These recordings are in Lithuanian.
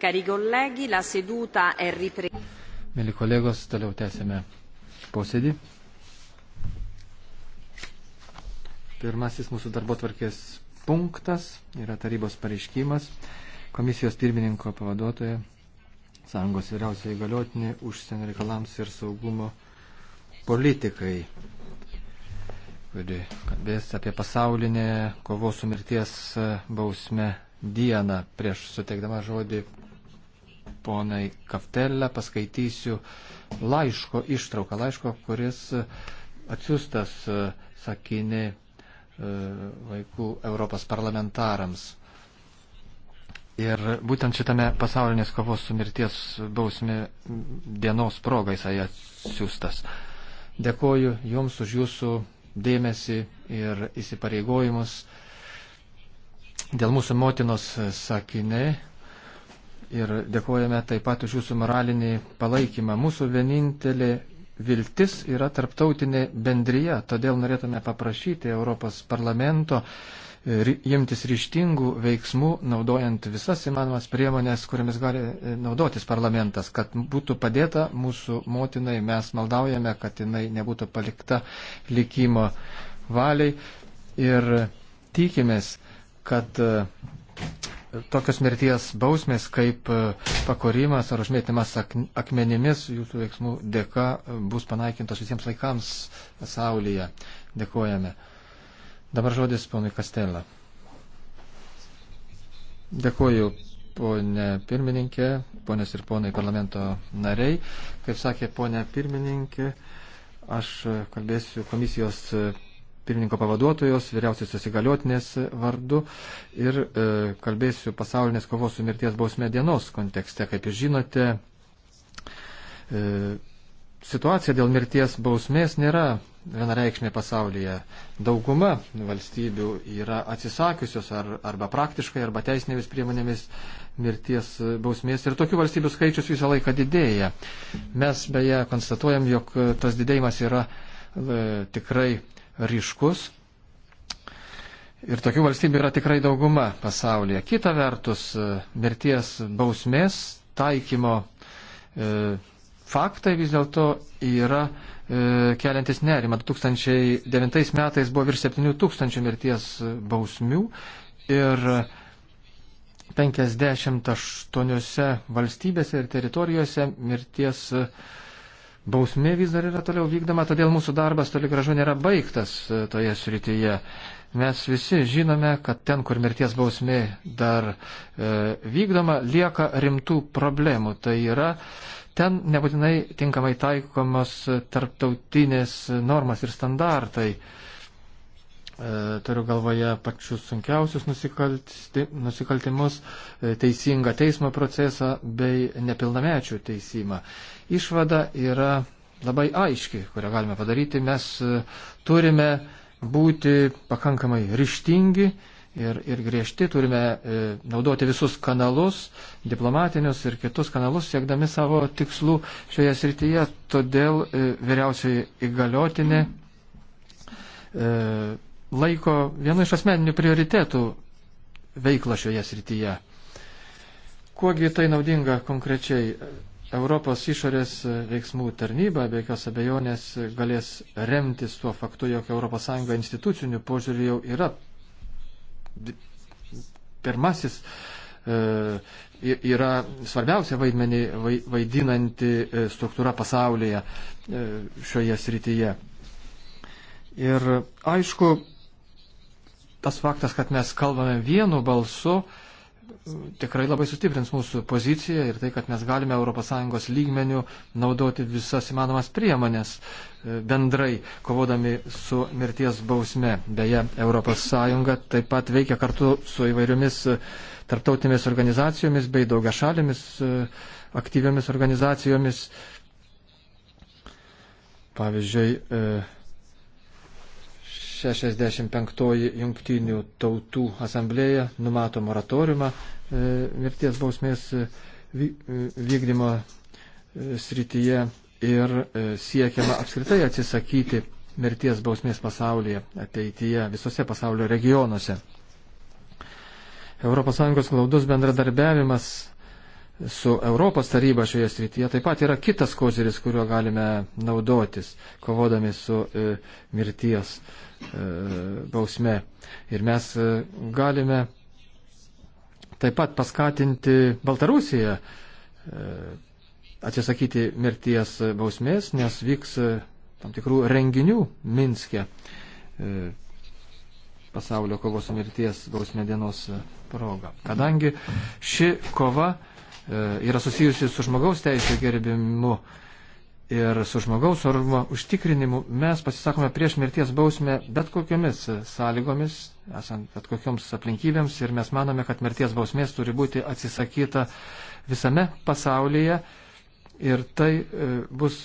Cari colleghi, la seduta è ripresa. Mėly kolegos, toliau tęsime posėdį. Pirmasis mūsų darbo tvarkės punktas yra tarybos pareiškimas komisijos pirmininko pavaduotoje, sąjungos vyriausioje įgaliotinė užsienio reikalams ir saugumo politikai, kuri kalbės apie pasaulinę kovos su mirties bausme dieną prieš suteikdama žodį ponai Kaftelė paskaitysiu laiško ištrauką, laiško, kuris e, atsiustas, e, sakinė, e, vaikų Europos parlamentarams. Ir būtent šitame pasaulinės kovos su mirties bausmė dienos progai jisai atsiustas. Dėkoju Jums už Jūsų dėmesį ir įsipareigojimus. Dėl mūsų motinos sakinė ir dėkojame taip pat už jūsų moralinį palaikymą. Mūsų vienintelė viltis yra tarptautinė bendryja, todėl norėtume paprašyti Europos parlamento e, imtis ryštingų veiksmų, naudojant visas įmanomas priemonės, kuriamis gali e, naudotis parlamentas, kad būtų padėta mūsų motinai, mes maldaujame, kad jinai nebūtų palikta likimo valiai ir tikimės, kad e, tokios mirties bausmės kaip e, pakorimas ar užmėtymas akmenimis jūsų veiksmų dėka e, bus panaikintos visiems laikams pasaulyje. Dėkojame. Dabar žodis ponui Kastelą. Dėkoju, ponė pirmininkė, ponės ir ponai parlamento nariai. Kaip sakė ponė pirmininkė, aš kalbėsiu komisijos pirmininko pavaduotojos, vyriausiosios įgaliotinės vardu ir e, kalbėsiu pasaulinės kovos su mirties bausmė dienos kontekste. Kaip jūs žinote, e, situacija dėl mirties bausmės nėra vienareikšmė pasaulyje. Dauguma valstybių yra atsisakiusios ar, arba praktiškai, arba teisinėmis priemonėmis mirties bausmės ir tokių valstybių skaičius visą laiką didėja. Mes beje konstatuojam, jog tas didėjimas yra e, tikrai ryškus. Ir tokių valstybių yra tikrai dauguma pasaulyje. Kita vertus, e, mirties bausmės taikymo e, faktai vis dėlto yra e, keliantis nerimą. 2009 metais buvo virš 7 tūkstančių mirties bausmių ir 58 valstybėse ir teritorijose mirties bausmės Bausmė vis dar yra toliau vykdoma, todėl mūsų darbas toli gražu nėra baigtas e, toje srityje. Mes visi žinome, kad ten, kur mirties bausmė dar e, vykdoma, lieka rimtų problemų. Tai yra, ten nebūtinai tinkamai taikomos tarptautinės normas ir standartai. E, turiu galvoje pačius sunkiausius nusikaltimus, e, teisingą teismo procesą bei nepilnamečių teisimą. Išvada yra labai aiški, kurią galime padaryti. Mes e, turime būti pakankamai ryštingi ir, ir griežti, turime e, naudoti visus kanalus, diplomatinius ir kitus kanalus, siekdami savo tikslų šioje srityje. Todėl e, vyriausiai įgaliotinė e, laiko vienu iš asmeninių prioritėtų veiklą šioje srityje. Kuogi tai naudinga konkrečiai? Europos išorės veiksmų tarnyba be jokios abejonės galės remtis tuo faktu, jog ES institucinių požiūrį jau yra pirmasis, e, yra svarbiausia vaidmenį vaidinanti e, struktūra pasaulyje e, šioje srityje. Ir aišku, tas faktas, kad mes kalbame vienu balsu, tikrai labai sustiprins mūsų poziciją ir tai, kad mes galime ES lygmenių naudoti visas įmanomas priemonės e, bendrai, kovodami su mirties bausme. Beje, ES taip pat veikia kartu su įvairiomis e, tarptautinėmis organizacijomis bei daugia šalėmis e, aktyviomis organizacijomis. Pavyzdžiui, 65 jungtinių tautų asamblėja numato moratoriumą e, mirties bausmės e, e, vykdymo srityje ir siekiama apskritai atsisakyti mirties bausmės pasaulyje ateityje visose pasaulio regionuose. ES glaudus bendradarbiavimas su Europos taryba šioje srityje taip pat yra kitas kozeris, kuriuo galime naudotis, kovodami su e, mirties e, bausme. Ir mes e, galime taip pat paskatinti Baltarusiją e, atsisakyti mirties bausmės, nes vyks e, tam tikrų renginių Minske e, pasaulio kovos su mirties bausmė dienos proga. Kadangi ši kova E, yra susijusi su žmogaus teisų gerbimu ir su žmogaus orumo užtikrinimu, mes pasisakome prieš mirties bausmę bet kokiomis sąlygomis, esant bet kokioms aplinkybėms ir mes manome, kad mirties bausmės turi būti atsisakyta visame pasaulyje ir tai e, bus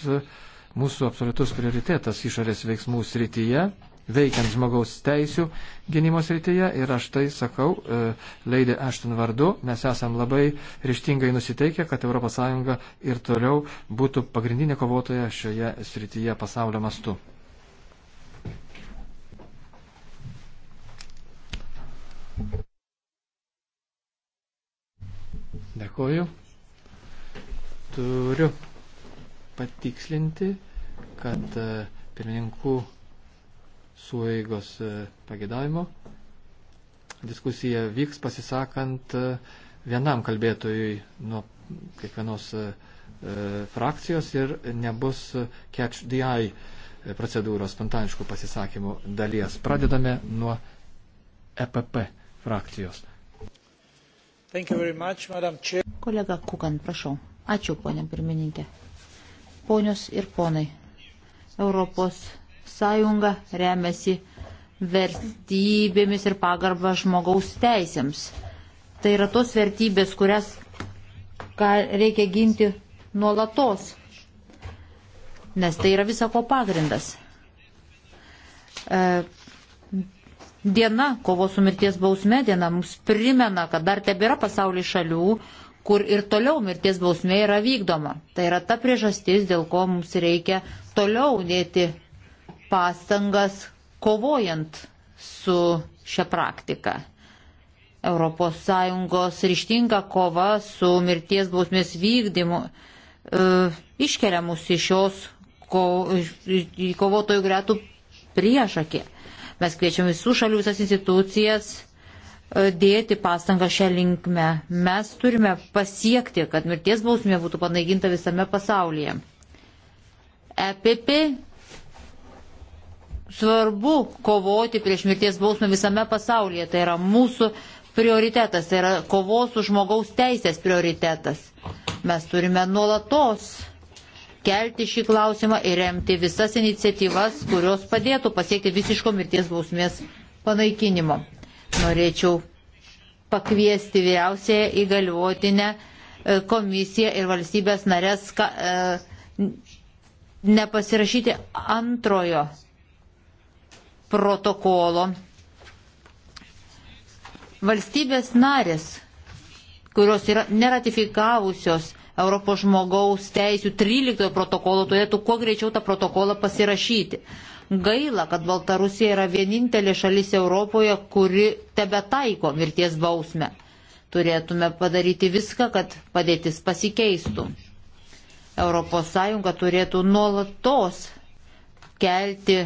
mūsų absoliutus prioritetas išorės veiksmų srityje veikiant žmogaus teisų gynimo srityje ir aš tai sakau e, Leidė Ašton vardu, mes esam labai ryštingai nusiteikę, kad ES ir toliau būtų pagrindinė kovotoja šioje srityje pasaulio mastu. Dėkuoju. Turiu patikslinti, kad e, pirmininkų sueigos e, pagėdavimo. Diskusija vyks pasisakant e, vienam kalbėtojui nuo kiekvienos e, frakcijos ir nebus catch the eye procedūros spontaniškų pasisakymų dalies. Pradedame nuo EPP frakcijos. Much, Kolega Kukan, prašau. Ačiū, ponė pirmininkė. Ponios ir ponai, Europos sąjunga remiasi vertybėmis ir pagarba žmogaus teisėms. Tai yra tos vertybės, kurias reikia ginti nuolatos, nes tai yra visako pagrindas. E, diena, kovo su mirties bausme diena, mums primena, kad dar tebėra pasaulio šalių, kur ir toliau mirties bausmė yra vykdoma. Tai yra ta priežastis, dėl ko mums reikia toliau dėti pastangas kovojant su šia praktika. ES ryštinga kova su mirties bausmės vykdymu e, iškelia mus iš šios ko, į kovotojų gretų priešakį. Mes kviečiam visų šalių, visas institucijas e, dėti pastangą šią linkmę. Mes turime pasiekti, kad mirties bausmė būtų panaiginta visame pasaulyje. EPP svarbu kovoti prieš mirties bausmę visame pasaulyje. Tai yra mūsų prioritetas, tai yra kovos už žmogaus teisės prioritetas. Mes turime nuolatos kelti šį klausimą ir remti visas iniciatyvas, kurios padėtų pasiekti visiško mirties bausmės panaikinimo. Norėčiau pakviesti vyriausiąją įgaliuotinę e, komisiją ir valstybės narės ka, e, nepasirašyti antrojo protokolo valstybės narės, kurios yra neratifikavusios Europos žmogaus teisų 13 protokolo, turėtų kuo greičiau tą protokolą pasirašyti. Gaila, kad Baltarusija yra vienintelė šalis Europoje, kuri tebe taiko mirties bausmę. Turėtume padaryti viską, kad padėtis pasikeistų. ES turėtų nuolatos kelti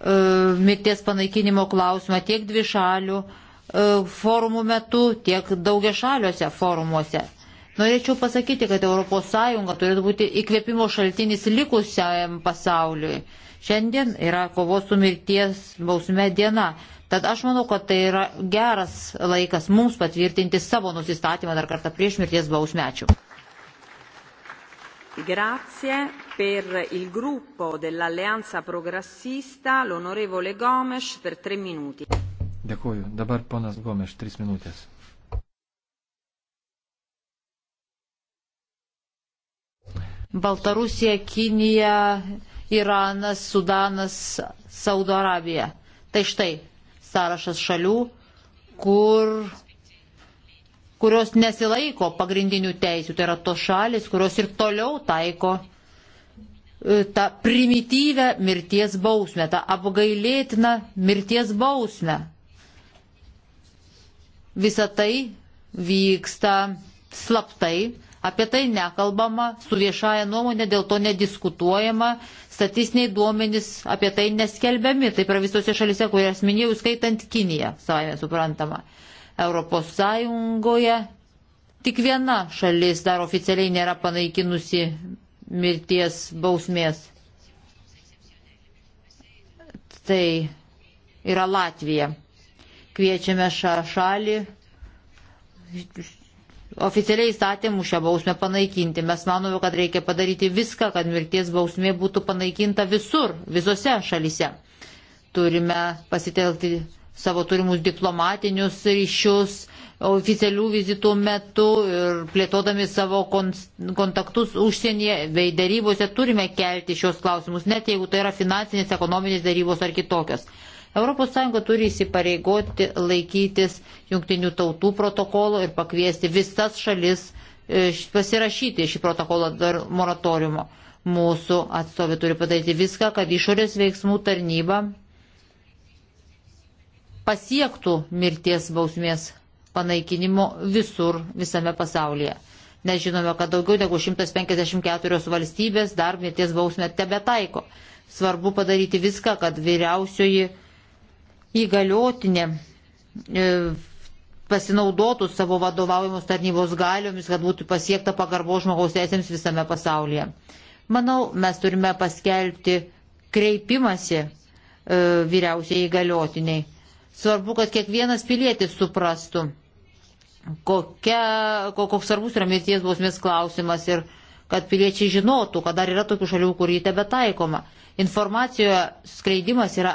E, mirties panaikinimo klausimą tiek dvi šalių e, forumų metu, tiek daugia šaliuose forumuose. Norėčiau pasakyti, kad ES turėtų būti įkvėpimo šaltinis likusiam pasauliui. Šiandien yra kovos su mirties bausme diena. Tad aš manau, kad tai yra geras laikas mums patvirtinti savo nusistatymą dar kartą prieš mirties bausmę. Ačiū. Grazie per il gruppo dell'Alleanza Progressista l'onorevole Gomes per tre minuti. Dėkuoju. Dabar ponas Gomes, trys minutės. Baltarusija, Kinija, Iranas, Sudanas, Saudo Arabija. Tai štai sąrašas šalių, kur kurios nesilaiko pagrindinių teisių, tai yra tos šalis, kurios ir toliau taiko E, tą primityvę mirties bausmę, tą apgailėtiną mirties bausmę. Visa tai vyksta slaptai, apie tai nekalbama, su viešaja nuomonė dėl to nediskutuojama, statistiniai duomenys apie tai neskelbiami, taip yra visose šalise, kurias minėjau, skaitant Kiniją, savai suprantama. Europos Sąjungoje tik viena šalis dar oficialiai nėra panaikinusi mirties bausmės. Tai yra Latvija. Kviečiame šią šalį oficialiai įstatymų šią bausmę panaikinti. Mes manome, kad reikia padaryti viską, kad mirties bausmė būtų panaikinta visur, visose šalise. Turime pasitelkti savo turimus diplomatinius ryšius oficialių vizitų metu ir plėtodami savo kontaktus užsienyje bei darybose turime kelti šios klausimus, net jeigu tai yra finansinės, ekonominės darybos ar kitokios. ES turi įsipareigoti laikytis jungtinių tautų protokolo ir pakviesti visas šalis e, pasirašyti šį protokolą dar moratoriumo. Mūsų atstovė turi padaryti viską, kad išorės veiksmų tarnyba pasiektų mirties bausmės panaikinimo visur visame pasaulyje. Nes žinome, kad daugiau negu 154 valstybės dar mirties bausmę tebe taiko. Svarbu padaryti viską, kad vyriausioji įgaliotinė e, pasinaudotų savo vadovaujamos tarnybos galiomis, kad būtų pasiekta pagarbo žmogaus teisėms visame pasaulyje. Manau, mes turime paskelbti kreipimasi e, vyriausiai įgaliotiniai Svarbu, kad kiekvienas pilietis suprastų, kokia, koks svarbus yra mirties bausmės klausimas ir kad piliečiai žinotų, kad dar yra tokių šalių, kur jį tebe taikoma. Informacijoje skleidimas yra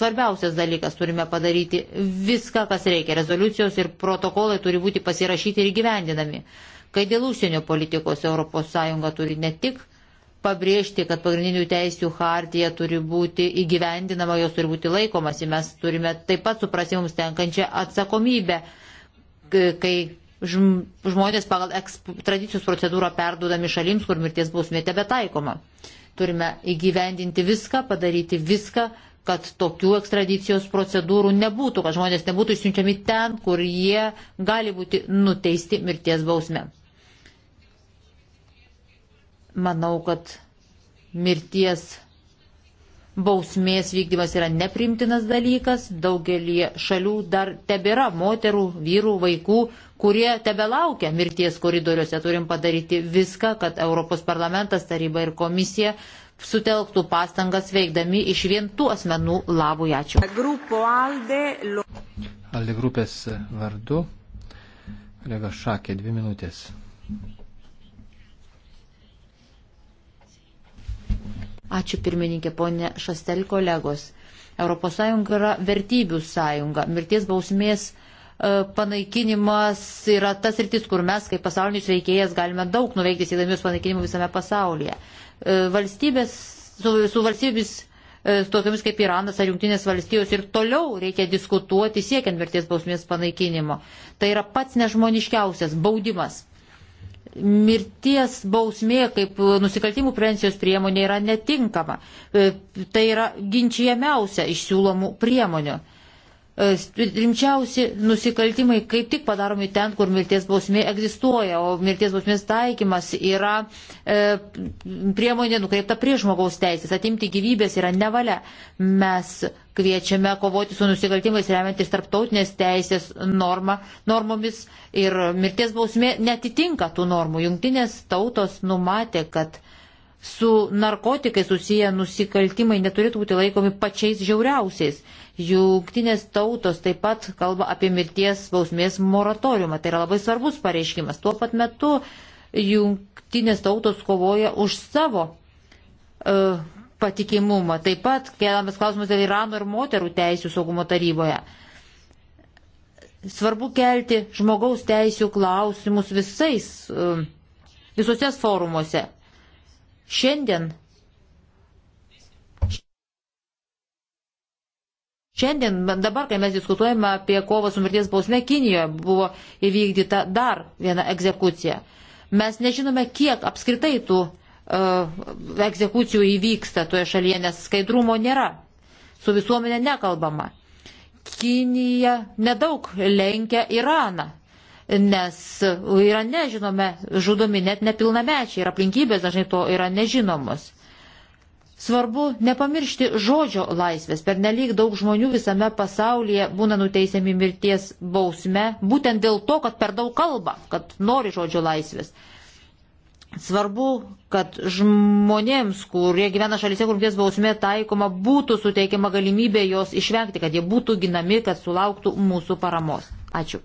svarbiausias dalykas, turime padaryti viską, kas reikia. Rezoliucijos ir protokolai turi būti pasirašyti ir gyvendinami. Kai dėl užsienio politikos ES turi ne tik pabrėžti, kad pagrindinių teisių hartija turi būti įgyvendinama, jos turi būti laikomasi. Mes turime taip pat suprasti mums tenkančią atsakomybę, kai žmonės pagal tradicijos procedūrą perdudami šalims, kur mirties bausmė tebetaikoma. Turime įgyvendinti viską, padaryti viską, kad tokių ekstradicijos procedūrų nebūtų, kad žmonės nebūtų išsiunčiami ten, kur jie gali būti nuteisti mirties bausme. Manau, kad mirties bausmės vykdymas yra neprimtinas dalykas, daugelį šalių dar tebėra moterų, vyrų, vaikų, kurie tebe laukia mirties koridoriuose. Turim padaryti viską, kad Europos parlamentas, taryba ir komisija sutelktų pastangas veikdami iš vientų asmenų labui. Ačiū. Alde grupės vardu. Kolega Šakė, dvi minutės. Ačiū pirmininkė, ponė Šastel kolegos. ES yra vertybių sąjunga. Mirties bausmės e, panaikinimas yra tas rytis, kur mes kaip pasaulinis veikėjas galime daug nuveikti siekdami jos panaikinimų visame pasaulyje. E, valstybės, su, su valstybės e, tokiamis kaip Iranas ar Junktinės valstijos ir toliau reikia diskutuoti siekiant mirties bausmės panaikinimo. Tai yra pats nežmoniškiausias baudimas mirties bausmė kaip nusikaltimų prevencijos priemonė yra netinkama. E, tai yra ginčiamiausia iš siūlomų priemonių. E, rimčiausi nusikaltimai kaip tik padaromi ten, kur mirties bausmė egzistuoja, o mirties bausmės taikymas yra e, priemonė nukreipta prie žmogaus teisės. Atimti gyvybės yra nevalia. Mes kviečiame kovoti su nusikaltimais remiantis tarptautinės teisės norma, normomis ir mirties bausmė netitinka tų normų. Jungtinės tautos numatė, kad su narkotikai susiję nusikaltimai neturėtų būti laikomi pačiais žiauriausiais. Jungtinės tautos taip pat kalba apie mirties bausmės moratoriumą. Tai yra labai svarbus pareiškimas. Tuo pat metu jungtinės tautos kovoja už savo uh, patikimumą. Taip pat keliamas klausimas dėl Irano ir moterų teisų saugumo taryboje. Svarbu kelti žmogaus teisų klausimus visais, uh, e, visose forumuose Šiandien Šiandien, dabar, kai mes diskutuojame apie kovą su mirties bausme, Kinijoje buvo įvykdyta dar viena egzekucija. Mes nežinome, kiek apskritai tų uh, egzekucijų įvyksta toje šalyje, nes skaidrumo nėra. Su visuomenė nekalbama. Kinija nedaug lenkia Iraną nes yra nežinome, žudomi net nepilnamečiai ir aplinkybės dažnai to yra nežinomos. Svarbu nepamiršti žodžio laisvės. Per nelik daug žmonių visame pasaulyje būna nuteisiami mirties bausme, būtent dėl to, kad per daug kalba, kad nori žodžio laisvės. Svarbu, kad žmonėms, kurie gyvena šalyse, kur mirties bausmė taikoma, būtų suteikiama galimybė jos išvengti, kad jie būtų ginami, kad sulauktų mūsų paramos. Ačiū.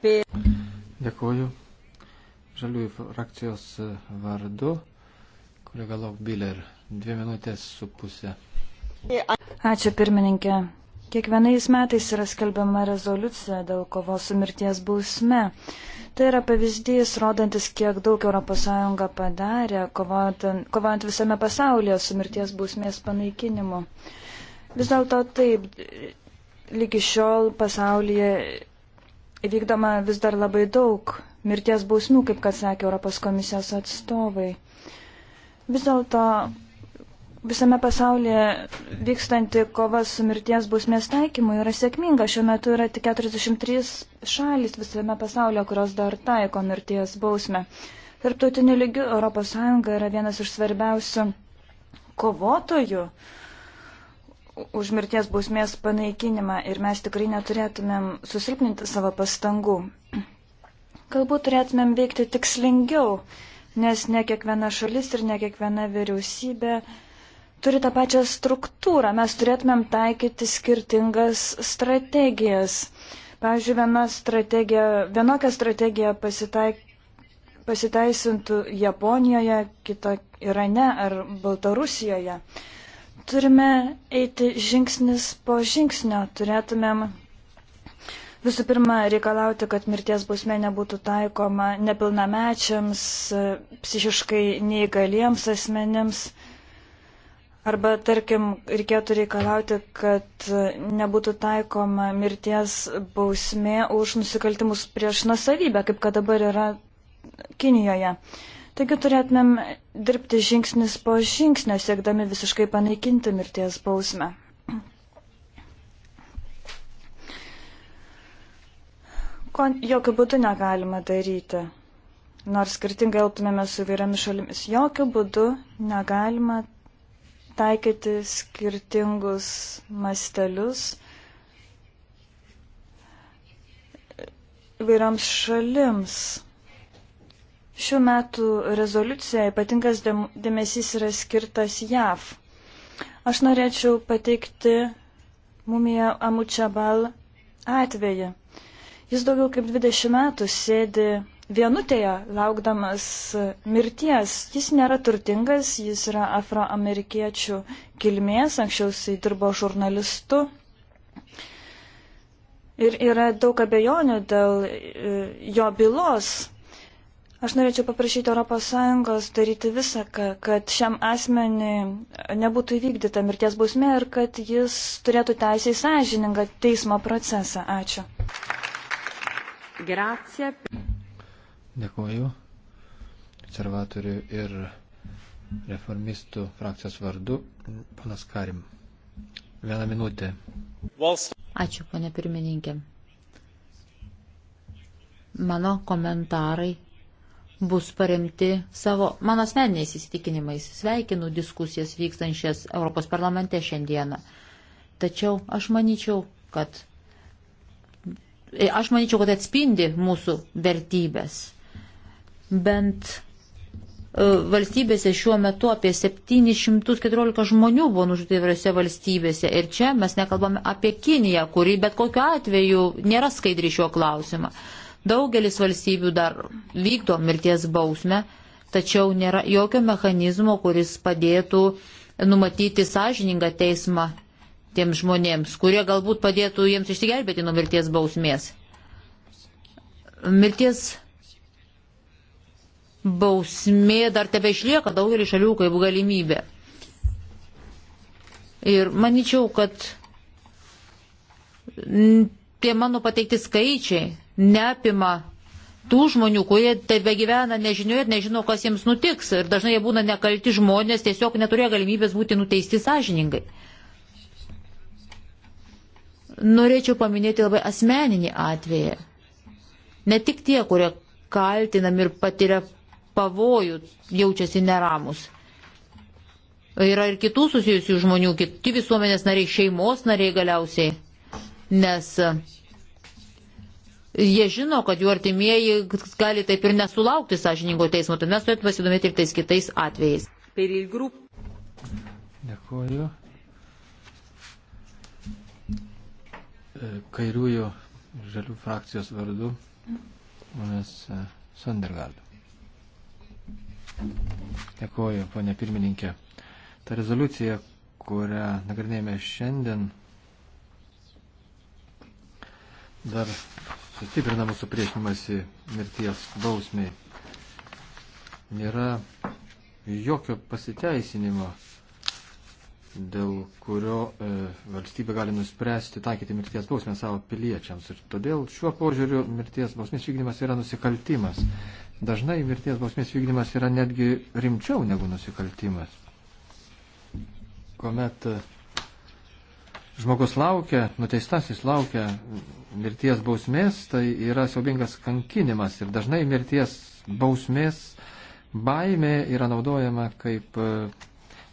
Per... Dėkuoju. Žaliųjų frakcijos vardu. Kolega Lokbiler, dvi minutės su pusė. Ačiū pirmininkė. Kiekvienais metais yra skelbiama rezoliucija dėl kovos su mirties bausme. Tai yra pavyzdys, rodantis, kiek daug ES padarė, kovojant, kovojant visame pasaulyje su mirties bausmės panaikinimu. Vis dėlto taip, lygi šiol pasaulyje vykdoma vis dar labai daug mirties bausmių, kaip kad sakė Europos komisijos atstovai. Vis dėlto visame pasaulyje vykstanti kova su mirties bausmės taikymu yra sėkminga. Šiuo metu yra tik 43 šalis visame pasaulyje, kurios dar taiko mirties bausmę. Tarptautiniu lygiu ES yra vienas iš svarbiausių kovotojų už mirties bausmės panaikinimą ir mes tikrai neturėtumėm susilpninti savo pastangų. Galbūt turėtumėm veikti tikslingiau, nes ne kiekviena šalis ir ne kiekviena vyriausybė uh, turi tą pačią struktūrą. Mes turėtumėm taikyti skirtingas strategijas. Pavyzdžiui, viena strategija, vienokia strategija pasitaik, pasiteisintų Japonijoje, kita Irane ar Baltarusijoje. Turime eiti žingsnis po žingsnio, turėtumėm visų pirma reikalauti, kad mirties bausmė nebūtų taikoma nepilnamečiams, psichiškai neįgaliems asmenims. Arba, tarkim, reikėtų reikalauti, kad nebūtų taikoma mirties bausmė už nusikaltimus prieš nusavybę, kaip kad dabar yra Kinijoje. Taigi turėtumėm dirbti žingsnis po žingsnio, siekdami visiškai panaikinti mirties bausmę. Ko jokių būdų negalima daryti. Nors skirtingai elgtumėme su vairiomis šalimis, jokių būdų negalima daryti taikyti skirtingus mastelius įvairioms šalims. Šių metų rezoliucija ypatingas dėmesys yra skirtas JAV. Aš norėčiau pateikti mumiją Amučabal atvejį. Jis daugiau kaip 20 metų sėdi vienutėje laukdamas mirties. Jis nėra turtingas, jis yra afroamerikiečių kilmės, anksčiau jisai dirbo žurnalistu. Ir yra daug abejonių dėl e, jo bylos. Aš norėčiau paprašyti ES daryti visą, kad šiam asmeniui nebūtų įvykdyta mirties bausmė ir kad jis turėtų teisę į sąžiningą teismo procesą. Ačiū. Grazie. Dėkuoju konservatorių ir reformistų frakcijos vardu, panas Karim. Vieną minutę. Ačiū, ponė pirmininkė. Mano komentarai bus paremti savo, mano asmeniniais įsitikinimais. Sveikinu diskusijas vykstančias Europos parlamente šiandieną. Tačiau aš manyčiau, kad, e, aš manyčiau, kad atspindi mūsų vertybės. Bent e, valstybėse šiuo metu apie 714 žmonių buvo nužudyti įvairiose valstybėse. Ir čia mes nekalbame apie Kiniją, kuri bet kokiu atveju nėra skaidri šiuo klausimu. Daugelis valstybių dar vykdo mirties bausmę, tačiau nėra jokio mechanizmo, kuris padėtų numatyti sąžiningą teismą tiems žmonėms, kurie galbūt padėtų jiems išsigelbėti nuo mirties bausmės. Mirties bausmė dar tebe išlieka daugelį šalių kaip galimybė. Ir manyčiau, kad tie mano pateikti skaičiai neapima tų žmonių, kurie tebe gyvena nežinioje ir nežino, kas jiems nutiks. Ir dažnai jie būna nekalti žmonės, tiesiog neturėjo galimybės būti nuteisti sąžiningai. Norėčiau paminėti labai asmeninį atvejį. Ne tik tie, kurie kaltinami ir patiria pavojų jaučiasi neramus. Yra ir kitų susijusių žmonių, kiti visuomenės nariai, šeimos nariai galiausiai, nes e, jie žino, kad jų artimieji gali taip ir nesulaukti sąžiningo teismo, tad mes turėtume pasidomėti ir tais kitais atvejais. Dėkuoju. E, Kairiųjų žalių frakcijos vardu, manęs e, Sandergardu. Dėkuoju, ponė pirmininkė. Ta rezoliucija, kurią nagrinėjame šiandien, dar sustiprina mūsų priešinimąsi mirties bausmiai. Nėra jokio pasiteisinimo dėl kurio e, valstybė gali nuspręsti taikyti mirties bausmę savo piliečiams. Ir todėl šiuo požiūriu mirties bausmės vykdymas yra nusikaltimas. Dažnai mirties bausmės vykdymas yra netgi rimčiau negu nusikaltimas. Komet e, žmogus laukia, nuteistasis laukia mirties bausmės, tai yra siaubingas kankinimas. Ir dažnai mirties bausmės baimė yra naudojama kaip. E,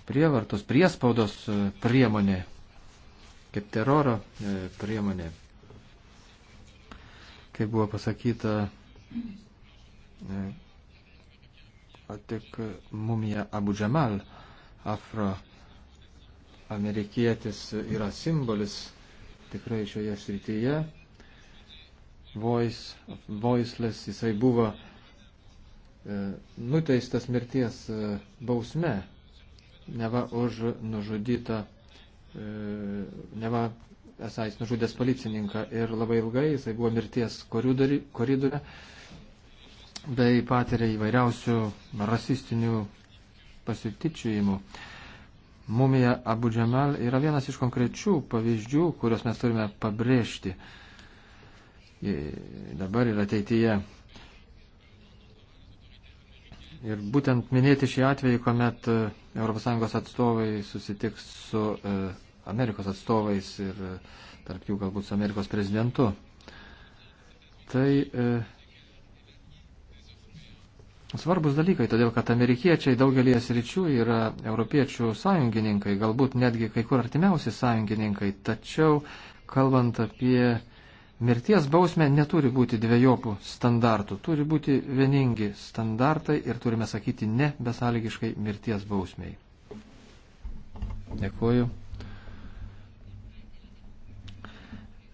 prievartos, priespaudos e, priemonė, kaip teroro e, priemonė. Kaip buvo pasakyta, e, tik mumija Abu Džamal, afroamerikietis, yra simbolis tikrai šioje srityje. Voice, voiceless, jisai buvo nuteistas mirties bausme neva už nužudytą, e, neva esą jis nužudęs policininką ir labai ilgai jisai buvo mirties koridoriuje, bei patiria įvairiausių rasistinių pasityčiojimų. Mumija Abu Džemal yra vienas iš konkrečių pavyzdžių, kuriuos mes turime pabrėžti dabar ir ateityje. Ir būtent minėti šį atvejį, kuomet ES atstovai susitiks su e, Amerikos atstovais ir e, tarp jų galbūt su Amerikos prezidentu. Tai e, svarbus dalykai, todėl kad amerikiečiai daugelį sričių yra europiečių sąjungininkai, galbūt netgi kai kur artimiausi sąjungininkai, tačiau kalbant apie mirties bausmė neturi būti dviejopų standartų, turi būti vieningi standartai ir turime sakyti ne besąlygiškai mirties bausmiai. Dėkuoju.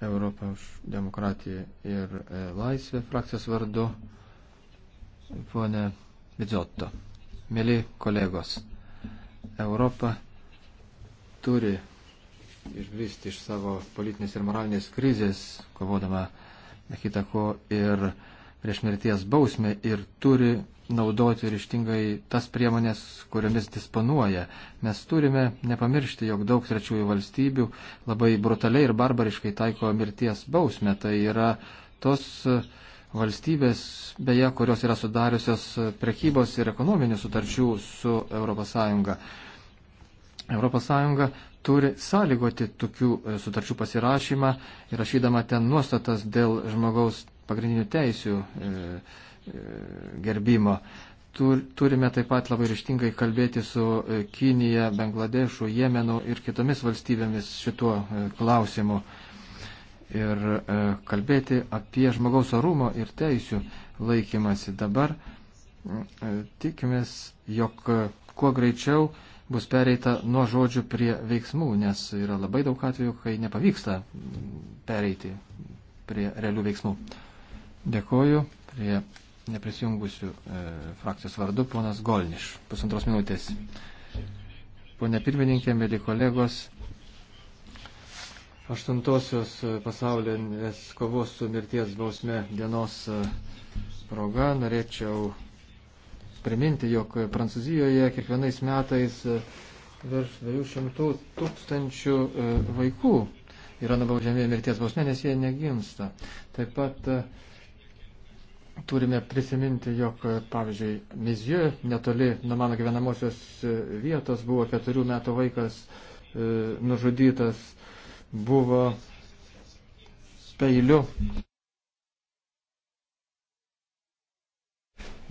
Europą už demokratiją ir e, laisvę frakcijos vardu, ponė Vidzotto. Mėly kolegos, Europa turi išbristi iš savo politinės ir moralinės krizės, kovodama kitako ir prieš mirties bausmę ir turi naudoti ryštingai tas priemonės, kuriomis disponuoja. Mes turime nepamiršti, jog daug trečiųjų valstybių labai brutaliai ir barbariškai taiko mirties bausmę. Tai yra tos valstybės, beje, kurios yra sudariusios prekybos ir ekonominių sutarčių su ES. ES turi sąlygoti tokių e, sutarčių pasirašymą, įrašydama ten nuostatas dėl žmogaus pagrindinių teisių e, e, gerbimo. Turime taip pat labai ryštingai kalbėti su Kinija, Bangladešu, Jemenu ir kitomis valstybėmis šituo klausimu. Ir kalbėti apie žmogaus orumo ir teisių laikymasi. Dabar tikimės, jog kuo greičiau bus pereita nuo žodžių prie veiksmų, nes yra labai daug atvejų, kai nepavyksta pereiti prie realių veiksmų. Dėkoju prie neprisijungusių e, frakcijos vardu, ponas Golniš, pusantros minutės. Pone pirmininkė, mėly kolegos, aštuntosios pasaulinės kovos su mirties bausme dienos e, proga norėčiau priminti, jog Prancūzijoje kiekvienais metais e, virš 200 tūkstančių e, vaikų yra nubaudžiami mirties bausmė, nes jie negimsta. Taip pat e, turime prisiminti, jog, pavyzdžiui, Mizjö netoli nuo mano gyvenamosios vietos buvo keturių metų vaikas nužudytas, buvo peiliu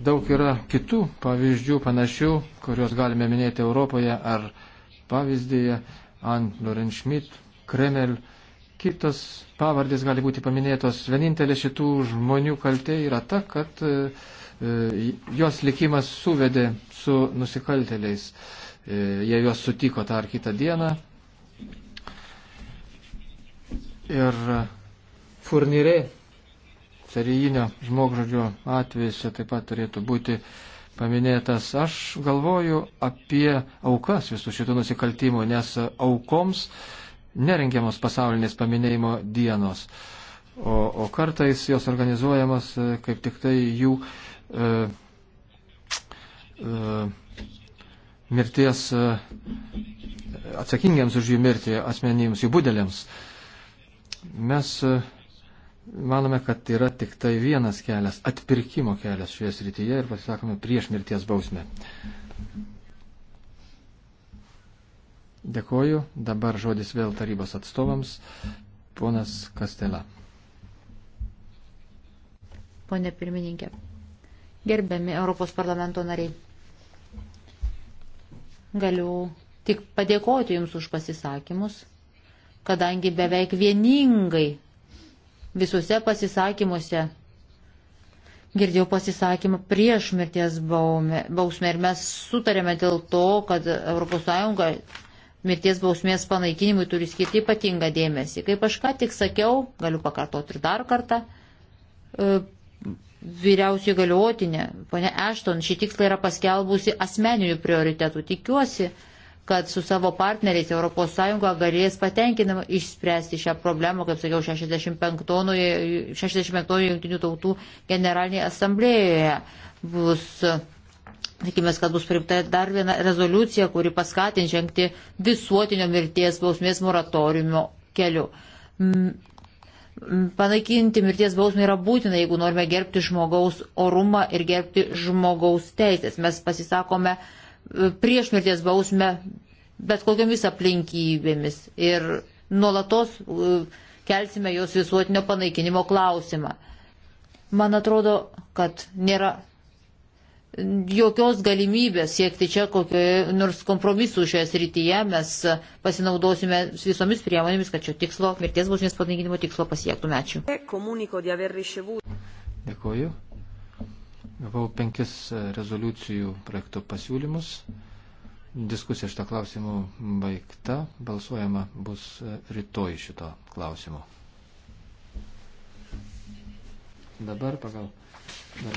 Daug yra kitų pavyzdžių panašių, kuriuos galime minėti Europoje ar pavyzdėje ant Lorenschmidt, Kremel, kitos pavardės gali būti paminėtos. Vienintelė šitų žmonių kaltė yra ta, kad e, e jos likimas suvedė su nusikalteliais. E, jie juos sutiko tą ar kitą dieną. Ir e, furnirė serijinio žmogžodžio atvejais čia taip pat turėtų būti paminėtas. Aš galvoju apie aukas visų šitų nusikaltimų, nes aukoms nerengiamos pasaulinės paminėjimo dienos, o, o kartais jos organizuojamos e, kaip tik tai jų e, e, mirties e, atsakingiams už jų mirtį asmenims, jų būdeliams. Mes e, manome, kad yra tik tai vienas kelias, atpirkimo kelias šioje srityje ir pasisakome prieš mirties bausmę. Dėkoju. Dabar žodis vėl tarybos atstovams. Ponas Kastela. Pone pirmininkė, gerbiami Europos parlamento nariai, galiu tik padėkoti Jums už pasisakymus, kadangi beveik vieningai Visuose pasisakymuose girdėjau pasisakymą prieš mirties bausmę ir mes sutarėme dėl to, kad ES mirties bausmės panaikinimui turi skirti ypatingą dėmesį. Kaip aš ką tik sakiau, galiu pakartoti ir dar kartą, e, vyriausiai galiotinė, ponia Ešton, šį tikslą yra paskelbusi asmeninių prioritetų. Tikiuosi, kad su savo partneriais ES galės patenkinamą išspręsti šią problemą, kaip sakiau, 65-ojo 65 jungtinių tautų generalinėje asamblėjoje bus. Tikimės, kad bus priimta dar viena rezoliucija, kuri paskatins žengti visuotinio mirties bausmės moratoriumo keliu. Mm, panaikinti mirties bausmę yra būtina, jeigu norime gerbti žmogaus orumą ir gerbti žmogaus teisės. Mes pasisakome uh, prieš mirties bausmę bet kokiamis aplinkybėmis ir nuolatos e, kelsime jos visuotinio panaikinimo klausimą. Man atrodo, kad nėra jokios galimybės siekti čia kokio nors kompromisų šioje srityje. Mes pasinaudosime visomis priemonėmis, kad šio tikslo, mirties bausmės panaikinimo tikslo pasiektume. Ačiū. Dėkuoju. Gavau penkis rezoliucijų projektų pasiūlymus. Diskusija šito klausimu baigta. Balsuojama bus rytoj šito klausimu. Dabar pagal